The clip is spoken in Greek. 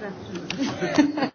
Good afternoon.